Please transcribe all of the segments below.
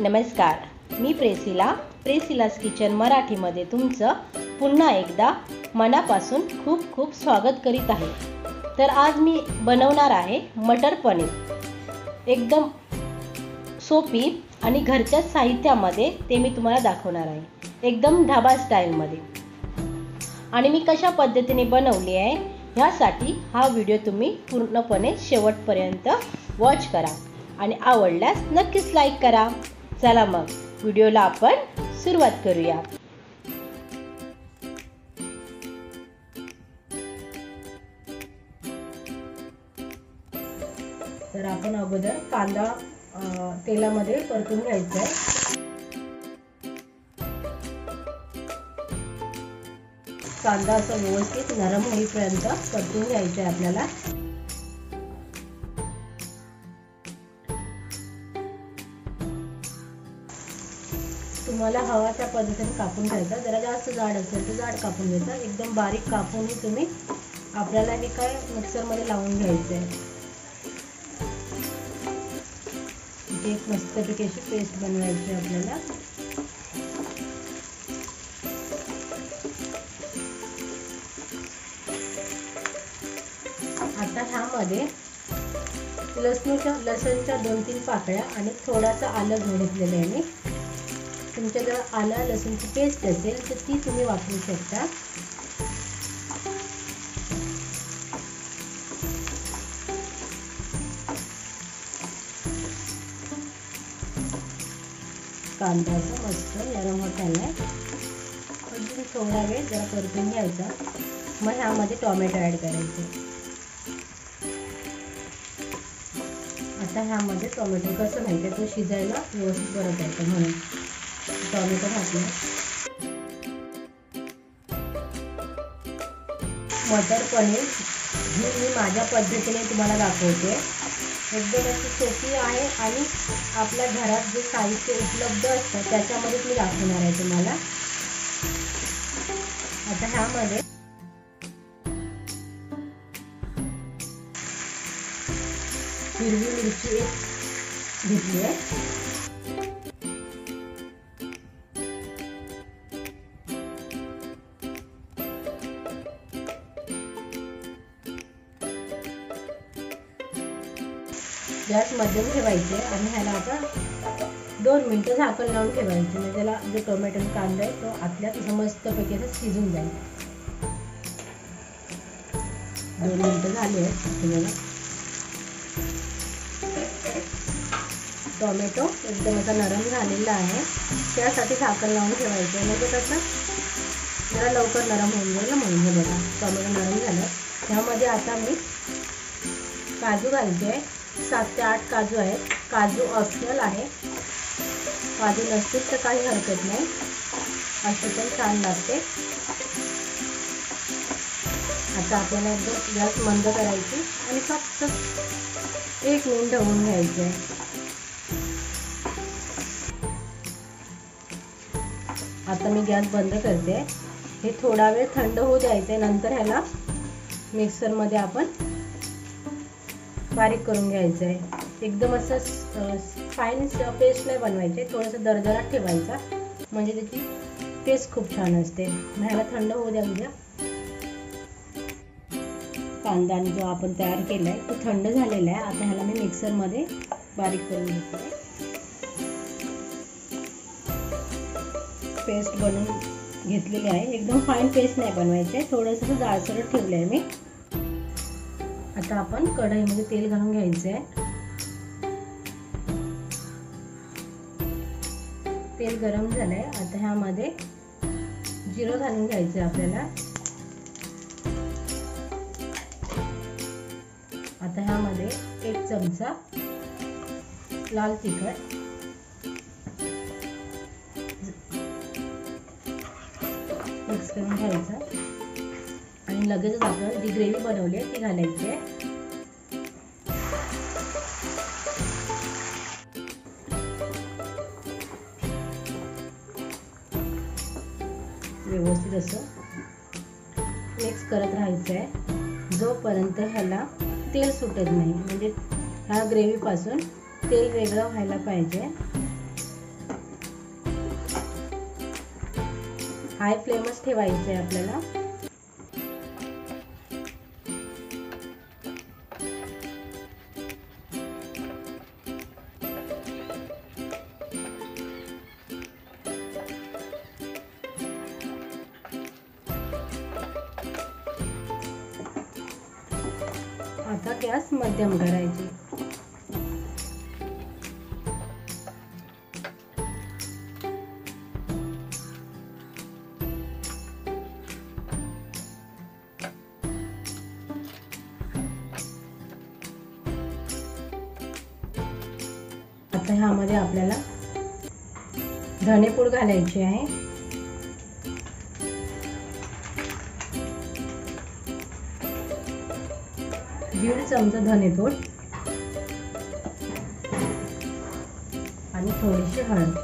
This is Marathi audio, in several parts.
नमस्कार मी प्रेसिला प्रेसिलास किचन मराठीमध्ये तुमचं पुन्हा एकदा मनापासून खूप खूप स्वागत करीत आहे तर आज मी बनवणार आहे मटर पनीर एकदम सोपी आणि घरच्या साहित्यामध्ये ते मी तुम्हाला दाखवणार आहे एकदम ढाबा स्टाईलमध्ये आणि मी कशा पद्धतीने बनवली आहे ह्यासाठी हा व्हिडिओ तुम्ही पूर्णपणे शेवटपर्यंत वॉच करा आणि आवडल्यास नक्कीच लाईक करा चला मग व्हिडिओला आपण सुरुवात करूया तर आपण अगोदर कांदा तेलामध्ये परतून घ्यायचा कांदा असं व्यवस्थित नरम होईपर्यंत परतून घ्यायचा आहे आपल्याला तुम्हाला हवा त्या पद्धतीने कापून घ्यायचा जरा जास्त जाड असेल तर जाड कापून घ्यायचा एकदम बारीक कापूनही तुम्ही आपल्याला हे काय मिक्सरमध्ये लावून घ्यायचं आहे एक मस्त पिकेशी पेस्ट बनवायची आपल्याला आता ह्यामध्ये लसणीच्या लसणच्या दोन तीन पाकळ्या आणि थोडासा आलं घेतलेलं आहे मी तुमच्याजवळ आला लसूणची पेस्ट असेल तर ती तुम्ही वापरू शकता कांदा मस्त नरम होत आहे अजून थोडा वेळ जरा परतून घ्यायचा मग ह्यामध्ये टॉमॅटो ॲड करायचं आता ह्यामध्ये टोमॅटो कसं माहिती तो शिजायला व्यवस्थित परत जायचं म्हणून टॉमॅटो भाजला मटर पनीर ही मी माझ्या पद्धतीने तुम्हाला दाखवते एकदम अशी सोपी आहे आणि आपल्या घरात जे साहित्य उपलब्ध असतं त्याच्यामध्येच मी दाखवणार आहे तुम्हाला आता ह्यामध्ये हिरवी मिरची घेतली आहे मध्यम ठेवायचे आणि ह्याला आता दोन मिनटं झाकण लावून ठेवायचं म्हणजे त्याला जो टोमॅटो कांदा आहे तो आतल्यात मस्तपैकी असं शिजून जाईल दोन मिनटं झाले आहेत टोमॅटो एकदम आता नरम झालेला आहे त्यासाठी झाकण लावून ठेवायचं म्हणजे कसं जरा लवकर नरम होऊन जाईल ना म्हणून हे बघा टोमॅटो नरम झालं ह्यामध्ये आता मी काजू घालते सात ते आठ काजू आहेत काजू ऑप्शनल आहे काजू नसतील तर काही हरकत नाही असं पण छान लागते आता आपल्याला एकदम गॅस मंद करायची आणि फक्त एक मिनिट ढवून घ्यायचं आहे आता मी गॅस बंद करते हे थोडा वेळ थंड होऊ द्यायचे नंतर ह्याला मिक्सरमध्ये आपण बारीक करून घ्यायचं आहे एकदम असं फाईन पेस्ट नाही बनवायचे थोडंसं दरदरात ठेवायचा म्हणजे त्याची पेस्ट खूप छान असते ह्याला थंड होऊ द्या उद्या म्हणजे. कांदा जो आपण तयार केला आहे तो थंड झालेला आहे आता ह्याला मी मिक्सरमध्ये बारीक करून घेतो पेस्ट बनवून घेतलेली आहे एकदम फाईन पेस्ट नाही बनवायचे आहे थोडंसं जाळसरट ठेवलं आहे मी आता आपण कढईमध्ये तेल घालून घ्यायचं आहे तेल गरम झालंय आता ह्यामध्ये जिरं घालून घ्यायचंय आहे आपल्याला आता ह्यामध्ये एक चमचा लाल तिखट मिक्स करून घ्यायचं आणि लगेचच आपण जी ग्रेव्ही बनवली आहे ती घालायची आहे व्यवस्थित असं मिक्स करत राहायचं आहे जोपर्यंत ह्याला तेल सुटत नाही म्हणजे ह्या ग्रेव्हीपासून तेल वेगळं व्हायला पाहिजे हाय फ्लेमच ठेवायचं आहे आपल्याला आता गॅस मध्यम करायची आता ह्यामध्ये आपल्याला धणेपूड घालायची आहे दीड चमचा आणि थोडीशी हळद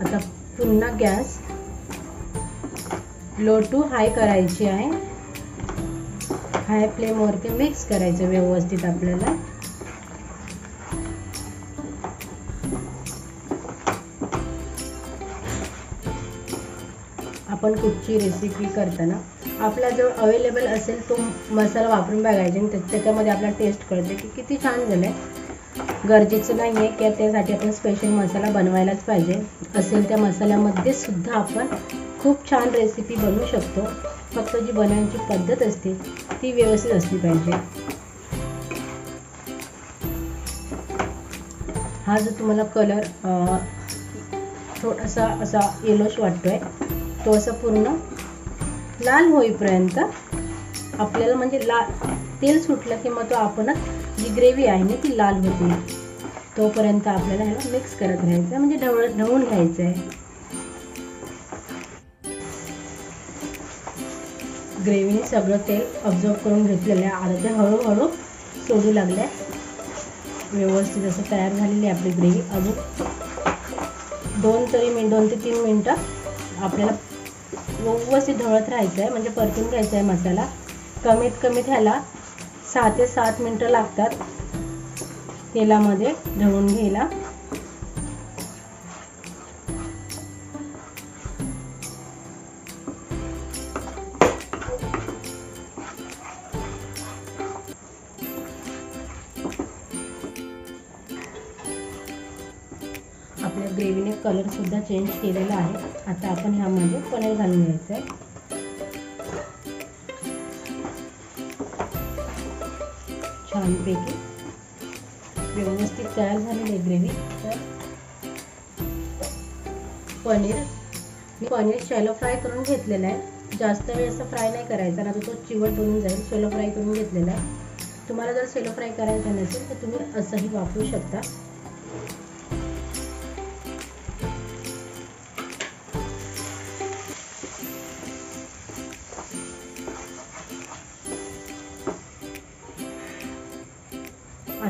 आता पुन्हा गॅस लो टू हाय करायची आहे हाय वरती मिक्स करायचं व्यवस्थित आपल्याला आपण कुठची रेसिपी करताना आपला जो अवेलेबल असेल तो मसाला वापरून बघायचे आणि त्याच्यामध्ये आपला टेस्ट कळते की किती छान झालं आहे गरजेचं नाही आहे की त्यासाठी आपण स्पेशल मसाला बनवायलाच पाहिजे असेल त्या मसाल्यामध्ये सुद्धा आपण खूप छान रेसिपी बनवू शकतो फक्त जी बनवण्याची पद्धत असते ती व्यवस्थित असली पाहिजे हा जो तुम्हाला कलर थोडासा असा येलोश वाटतो आहे तो असा पूर्ण लाल होईपर्यंत आपल्याला म्हणजे लाल तेल सुटलं की मग तो आपणच जी ग्रेव्ही आहे ना ती लाल होती तोपर्यंत आपल्याला ह्याला मिक्स करत राहायचं आहे म्हणजे ढवळ ढवून घ्यायचं आहे ग्रेव्हीने सगळं तेल ऑब्झर्व करून घेतलेलं आहे आता ते हळूहळू सोडू लागले व्यवस्थित असं तयार झालेली आहे आपली ग्रेव्ही अजून दोन तरी मिनिट दोन ते तीन मिनटं आपल्याला व्यवस्थित ढवळत राहायचं आहे म्हणजे परतून घ्यायचा आहे मसाला कमीत कमी ह्याला सहा ते सात मिनटं लागतात तेलामध्ये ढवून घ्यायला आपल्या ग्रेव्हीने सुद्धा चेंज केलेला आहे आता आपण ह्यामध्ये पनीर घालून घ्यायचं आहे छानपैकी व्यवस्थित तयार झालेली आहे ग्रेव्ही तर पनीर मी पनीर शॅलो फ्राय करून घेतलेला आहे जास्त वेळ असं फ्राय नाही करायचा ना तो चिवट बनून जाईल सेलो फ्राय करून घेतलेला आहे तुम्हाला जर सेलो फ्राय करायचा नसेल तर तुम्ही असंही वापरू शकता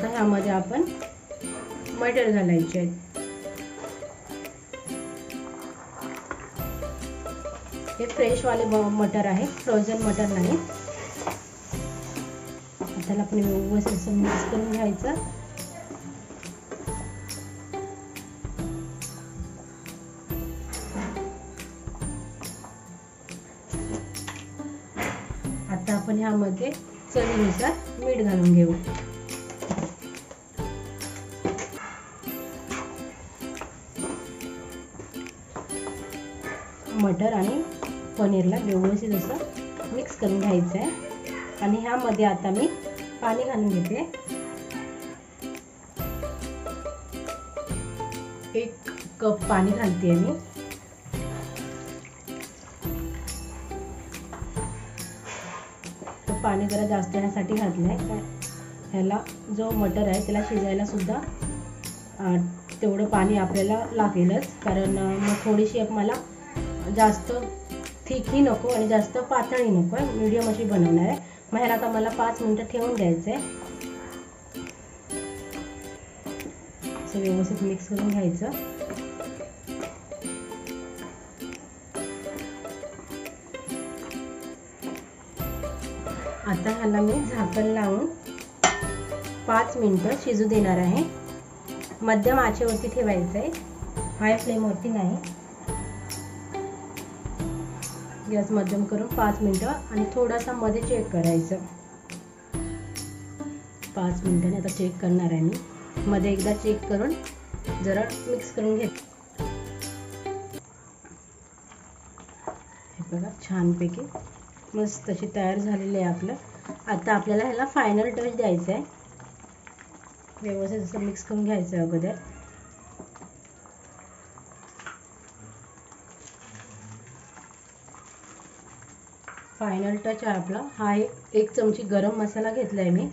आता ह्यामध्ये आपण मटर घालायचे आहेत हे फ्रेश वाले मटर आहे फ्रोझन मटर नाही त्याला आपण व्यवस्थित असं मिक्स करून घ्यायचं आता आपण ह्यामध्ये चवीनुसार मीठ घालून घेऊ मटर आणि पनीरला व्यवस्थित असं मिक्स करून घ्यायचं आहे आणि ह्यामध्ये आता मी पाणी घालून घेते एक कप पाणी घालते मी पाणी जरा जास्त येण्यासाठी घातलंय आहे ह्याला जो मटर आहे त्याला शिजायला सुद्धा तेवढं पाणी आपल्याला लागेलच कारण मग थोडीशी मला जास्त थिकही नको आणि जास्त पातळी नको आहे मिडियम अशी बनवणार आहे मग आता मला पाच मिनटं ठेवून द्यायचं आहे असं व्यवस्थित मिक्स करून घ्यायचं आता ह्याला मी झाकण लावून पाच मिनिटं शिजू देणार आहे मध्यम आचेवरती ठेवायचं आहे हाय फ्लेमवरती नाही गॅस मध्यम करून पाच मिनटं आणि थोडासा मध्ये चेक करायचं पाच मिनटाने आता चेक करणार आहे मी मध्ये एकदा चेक करून जरा मिक्स करून घेत हे बघा छानपैकी मस्त अशी तयार झालेली आहे आपलं आता आपल्याला ह्याला फायनल टच द्यायचा आहे व्यवस्थित असं मिक्स करून घ्यायचं अगोदर फायनल टच आहे आपला हा एक चमची गरम मसाला घेतला आहे मी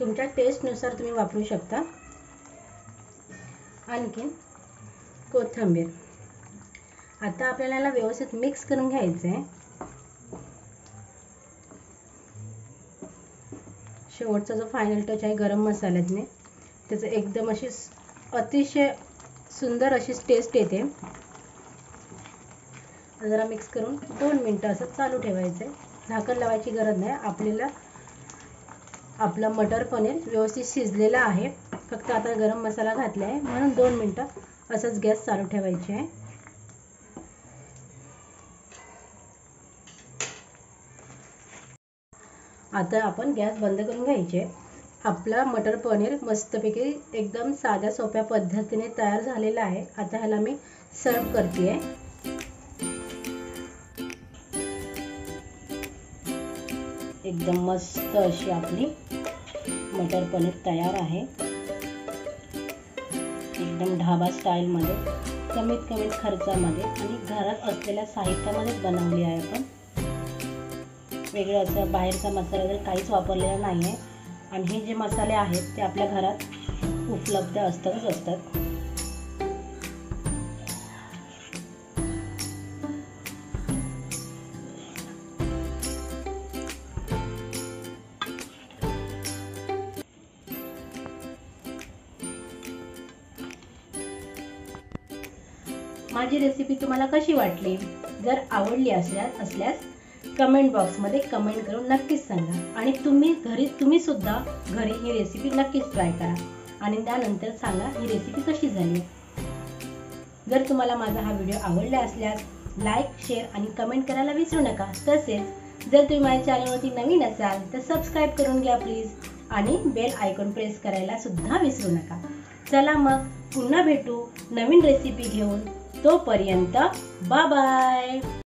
तुमच्या टेस्टनुसार तुम्ही वापरू शकता आणखीन कोथिंबीर आता आपल्याला याला व्यवस्थित मिक्स करून घ्यायचं आहे शेवटचा जो फायनल टच आहे गरम मसाल्यातने त्याचं एकदम अशी अतिशय सुंदर अशी टेस्ट येते जरा मिक्स करून दोन मिनटं असं चालू ठेवायचं आहे झाकण लावायची गरज नाही आपल्याला आपलं मटर पनीर व्यवस्थित शिजलेला आहे फक्त आता गरम मसाला घातला आहे म्हणून दोन मिनटं असंच गॅस चालू ठेवायची आहे आता आपण गॅस बंद करून घ्यायचे आपला मटर पनीर मस्तपैकी एकदम साध्या सोप्या पद्धतीने तयार झालेला आहे आता ह्याला मी सर्व करते आहे एकदम मस्त अशी आपली मटर पनीर तयार आहे एकदम ढाबा स्टाईलमध्ये कमीत कमी खर्चामध्ये आणि घरात असलेल्या साहित्यामध्येच बनवली आहे आपण वेगळं असं बाहेरचा मसाला वगैरे काहीच वापरलेला नाही आहे आणि हे जे मसाले आहेत ते आपल्या घरात उपलब्ध असतातच असतात माझी रेसिपी तुम्हाला कशी वाटली जर आवडली असल्या असल्यास कमेंट बॉक्समध्ये कमेंट करून नक्कीच सांगा आणि तुम्ही घरी सुद्धा घरी ही रेसिपी नक्कीच ट्राय करा आणि त्यानंतर सांगा ही रेसिपी कशी झाली जर तुम्हाला माझा हा व्हिडिओ आवडला असल्यास लाईक शेअर आणि कमेंट करायला विसरू नका तसेच जर तुम्ही माझ्या चॅनलवरती नवीन असाल तर सबस्क्राईब करून घ्या प्लीज आणि बेल आयकॉन प्रेस करायला सुद्धा विसरू नका चला मग पुन्हा भेटू नवीन रेसिपी घेऊन Top orienta. Bye bye.